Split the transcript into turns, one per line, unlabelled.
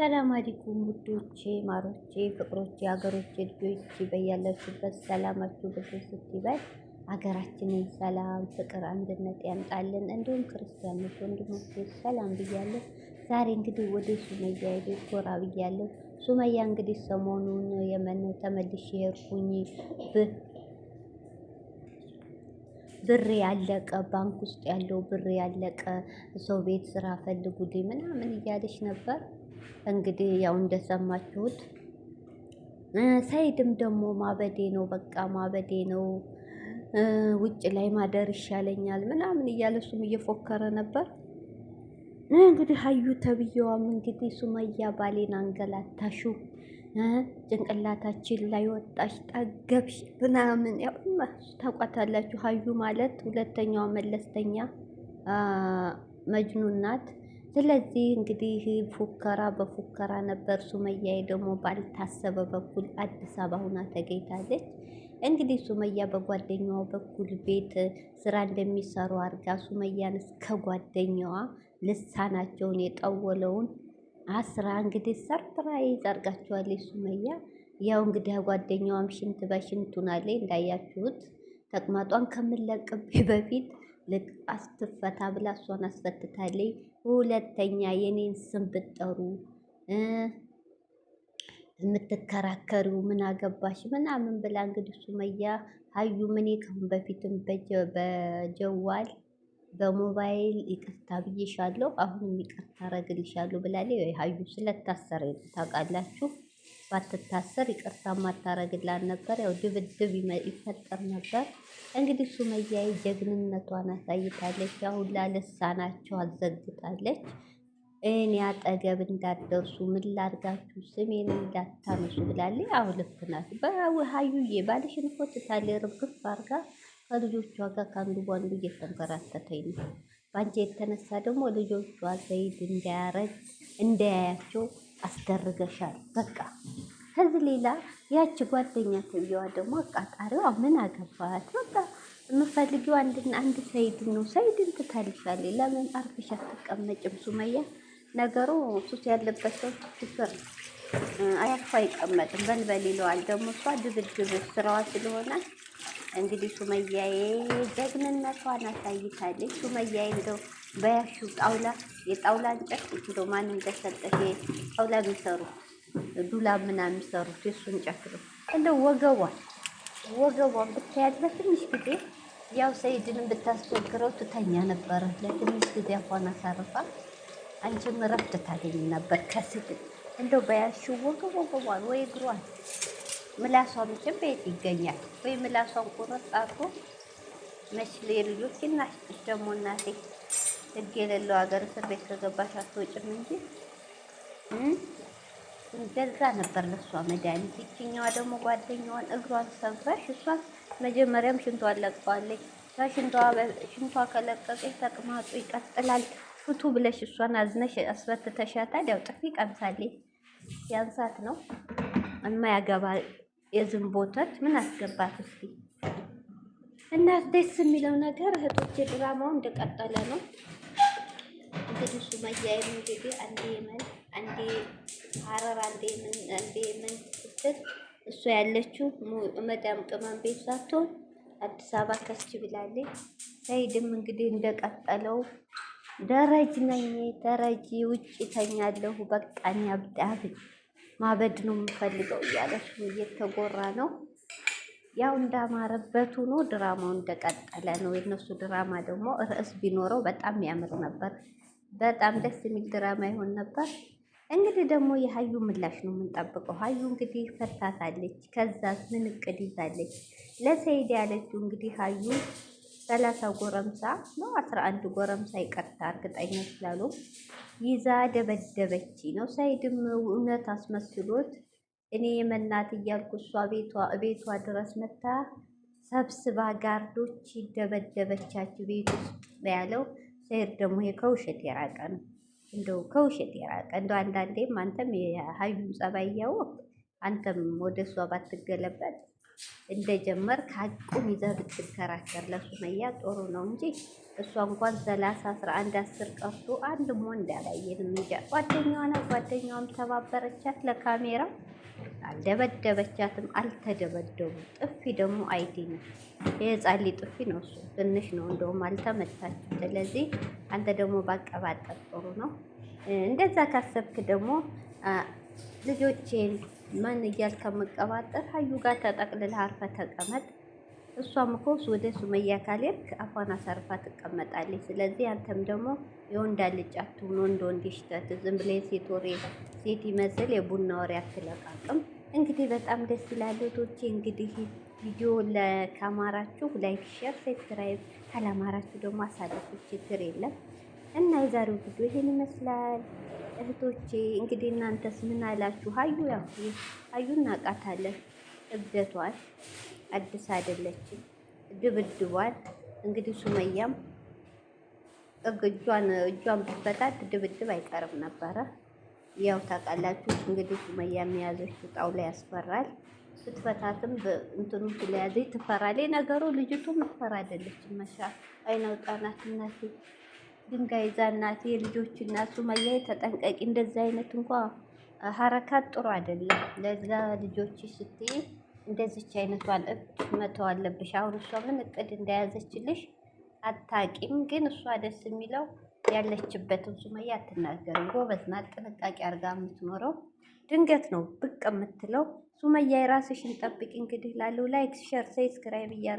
ሰላም አለይኩም ውዶቼ፣ ማሮቼ፣ ፍቅሮቼ፣ ሀገሮቼ፣ ልጆቼ በያላችሁበት ሰላማችሁ ብዙ ስትይበል ሀገራችንን ሰላም፣ ፍቅር፣ አንድነት ያምጣልን። እንዲሁም ክርስቲያኖች ወንድሞች ሰላም ብያለሁ። ዛሬ እንግዲህ ወደ ሱመያ ቤት ጎራ ብያለሁ። ሱመያ እንግዲህ ሰሞኑን የመን የርኩኝ ብ ብር ያለቀ ባንክ ውስጥ ያለው ብር ያለቀ ሰው ቤት ስራ ፈልጉልኝ ምናምን እያለች ነበር እንግዲህ ያው እንደሰማችሁት ሰይድም ደግሞ ማበዴ ነው በቃ ማበዴ ነው ውጭ ላይ ማደር ይሻለኛል ምናምን እያለ እሱም እየፎከረ ነበር። እንግዲህ ሀዩ ተብዬዋም እንግዲህ ሱመያ ባሌን አንገላታሹ ጭንቅላታችን ላይ ወጣሽ ጠገብሽ ምናምን ያው ታውቋታላችሁ። ሀዩ ማለት ሁለተኛዋ መለስተኛ መጅኑናት ናት። ስለዚህ እንግዲህ ፉከራ በፉከራ ነበር። ሱመያ ደግሞ ባልታሰበ በኩል አዲስ አበባ ሁና ተገኝታለች። እንግዲህ ሱመያ በጓደኛዋ በኩል ቤት ስራ እንደሚሰሩ አድርጋ ሱመያን እስከ ጓደኛዋ ልሳናቸውን የጠወለውን አስራ እንግዲህ ሰርፕራይዝ አድርጋቸዋለች። ሱመያ ያው እንግዲህ ጓደኛዋም ሽንት በሽንቱን አለ እንዳያችሁት ተቅማጧን ከምለቅብ በፊት ልክ አስትፈታ ብላ እሷን አስፈትታለይ። ሁለተኛ የኔን ስም ብጠሩ የምትከራከሪው ምን አገባሽ ምናምን ብላ እንግዲህ ሱመያ ሀዩ ምን ከሁን በፊትም በጀዋል በሞባይል ይቅርታ ብዬሻለሁ፣ አሁንም ይቅርታ አረግልሻለሁ ብላለች። ሀዩ ስለታሰረ ታውቃላችሁ። ባትታሰር ይቅርታ ማታረግላን ነበር። ያው ድብድብ ይፈጠር ነበር። እንግዲህ ሱመያ ጀግንነቷን አሳይታለች። አሁን ላለሳናቸው አዘግታለች። እኔ አጠገብ እንዳደርሱ ምን ላድርጋችሁ ስሜን እንዳታነሱ ብላለች። አሁ ልክ ናት። በሀዩዬ ባልሽን ፎትታለ ርግፍ አርጋ ከልጆቿ ጋር ከአንዱ በአንዱ እየተንከራተተኝ ነው። በአንቺ የተነሳ ደግሞ ልጆቿ ዘይድ እንዳያረግ እንዳያያቸው አስደርገሻል በቃ ከዚህ ሌላ ያቺ ጓደኛ ተብዬዋ ደግሞ አቃጣሪዋ ምን አገባት? በቃ የምፈልጊው አንድና አንድ ሰይድን ነው። ሰይድን ትታልሻለች። ለምን አርፈሽ አትቀመጭም? ሱመያ ነገሩ ሱስ ያለበት ሰው ችግር አያርፎ አይቀመጥም። በልበል ይለዋል። ደግሞ እሷ ድብድብ ስራዋ ስለሆነ እንግዲህ ሱመያዬ ጀግንነቷን አሳይታለች። ሱመያዬ እንደው በያሹ ጣውላ የጣውላ እንጨት ማን እንደሰጠሽ ጣውላ የሚሰሩ ዱላብ ምናምን የሚሰሩት የእሱን ጨክሎ እንደ ወገቧን ወገቧን ብታያት በትንሽ ጊዜ ያው ሰይድንም ብታስቸግረው ትተኛ ነበረ። ለትንሽ ጊዜ አፏን አሳርፋ አንቺም እረፍት ታገኝ ነበር። ከስድ እንደው በያሹ ወገብ ወገቧን ወይ እግሯን ምላሷ መቼም በየት ይገኛል? ወይ ምላሷን ቁረጥ አርጎ መችል የልጆች ይናሽጥሽ ደግሞ እናቴ ህግ የሌለው ሀገር እስር ቤት ከገባሽ አትወጭም እንጂ ገዛ ነበር ለእሷ መድኃኒት። ይችኛዋ ደግሞ ጓደኛዋን እግሯን ሰብራሽ፣ እሷ መጀመሪያም ሽንቷን ለቀዋለች። ሽንቷ ከለቀቀች ተቅማጡ ይቀጥላል። ፍቱ ብለሽ እሷን አዝነሽ አስበትተሻታል። ያው ጥፊ ቀምሳለች። ያንሳት ነው የማያገባ የዝንቦተት ምን አስገባት እስኪ። እና ደስ የሚለው ነገር እህቶች ድራማው እንደቀጠለ ነው። እንግዲህ ሱመያ እንግዲህ አንዴ የመን አንዴ ሀረር አንዴ ምን አንዴ ምን ስትል እሷ ያለችው መዳም ቅመም ቤት ሳትሆን አዲስ አበባ ከስች ብላለች። ሰይድም እንግዲህ እንደቀጠለው ደረጅ ነኝ ደረጅ ውጭ ተኛለሁ በቃኝ፣ አብዳብኝ ማበድ ነው የምፈልገው እያለች እየተጎራ ነው። ያው እንዳማረበት ሆኖ ድራማው እንደቀጠለ ነው። የነሱ ድራማ ደግሞ ርዕስ ቢኖረው በጣም ያምር ነበር። በጣም ደስ የሚል ድራማ ይሆን ነበር። እንግዲህ ደግሞ የሀዩ ምላሽ ነው የምንጠብቀው። ሀዩ እንግዲህ ፈርታታለች። ከዛስ ምን እቅድ ይዛለች? ለሰይድ ያለችው እንግዲህ ሀዩ ሰላሳ ጎረምሳ ነው አስራ አንድ ጎረምሳ ይቀርታ እርግጠኛ ስላሉ ይዛ ደበደበች ነው። ሰይድም እውነት አስመስሎት እኔ የመናት እያልኩ እሷ ቤቷ ድረስ መታ ሰብስባ ጋርዶች ደበደበቻች ቤት ውስጥ ያለው ሰይድ ደግሞ ከውሸት የራቀ ነው። እንደው ከውሸት የራቀ እንደው አንዳንዴም አንተም የሀዩን ጸባይ እያወቅ አንተም ወደ እሷ ባትገለበጥ ጀመር ከአቁም ይዘህ ብትከራከር ለሱመያ ጥሩ ነው እንጂ እሷ እንኳን ሰላሳ አስራ አንድ አስር ቀርቶ አንድ ሞ እንዳላየንም እንጃ ጓደኛዋና ጓደኛዋም ተባበረቻት ለካሜራ አልደበደበቻትም፣ አልተደበደቡም። ጥፊ ደግሞ አይዲንም የህፃን ልጅ ጥፊ ነው። እሱ ትንሽ ነው፣ እንደውም አልተመታችም። ስለዚህ አንተ ደግሞ ባቀባጠር ጥሩ ነው። እንደዛ ካሰብክ ደግሞ ልጆቼን ማን እያልክ ከመቀባጠር ሀዩ ጋር ተጠቅልለህ አርፈህ ተቀመጥ። እሷም እኮ ወደ ሱመያ ካልሄድክ አፏን አሳርፋ ትቀመጣለች። ስለዚህ አንተም ደግሞ የወንድ አልጫ አትሁን፣ ወንድ ወንድ ይሽተት። ዝም ብለህ ሴት ወሬ ሴት ይመስል የቡና ወሬ አትለቃቅም። እንግዲህ በጣም ደስ ይላል። ቶቼ እንግዲህ ቪዲዮ ካማራችሁ ላይክ፣ ሼር፣ ሰብስክራይብ ካላማራችሁ ደግሞ አሳልፉ፣ ችግር የለም እና የዛሬው ቪዲዮ ይሄን ይመስላል እህቶቼ። እንግዲህ እናንተስ ምን አላችሁ? አዩ ያው አዩ እናቃታለን። እብደቷል፣ አዲስ አይደለችም፣ ድብድቧል። እንግዲህ ሱመያም እጇን እጇን ብትፈታት ድብድብ አይቀርም ነበረ። ያው ታውቃላችሁ እንግዲህ ሱመያ የያዘችው ጣውላ ያስፈራል። ስትፈታትም እንትኑ ስለያዘኝ ትፈራለች። ነገሩ ልጅቱ ምትፈራ አይደለችም። መሻ አይነው ጣናት እናቴ፣ ድንጋይ ይዛ እናቴ፣ የልጆች እናት ሱመያ ተጠንቀቂ። እንደዚህ አይነት እንኳ ሀረካት ጥሩ አይደለም። ለዛ ልጆች ስትይ እንደዚች አይነቷን መተው አለብሽ። አሁን እሷ ምን እቅድ እንደያዘችልሽ አታቂም። ግን እሷ ደስ የሚለው ያለችበትን ሱመያ አትናገርም። ጎበዝ ናት፣ ጥንቃቄ አድርጋ የምትኖረው ድንገት ነው ብቅ የምትለው ሱመያ። የራስሽን ጠብቂ እንግዲህ ላለው ላይክ፣ ሸር፣ ሰብስክራይብ እያረ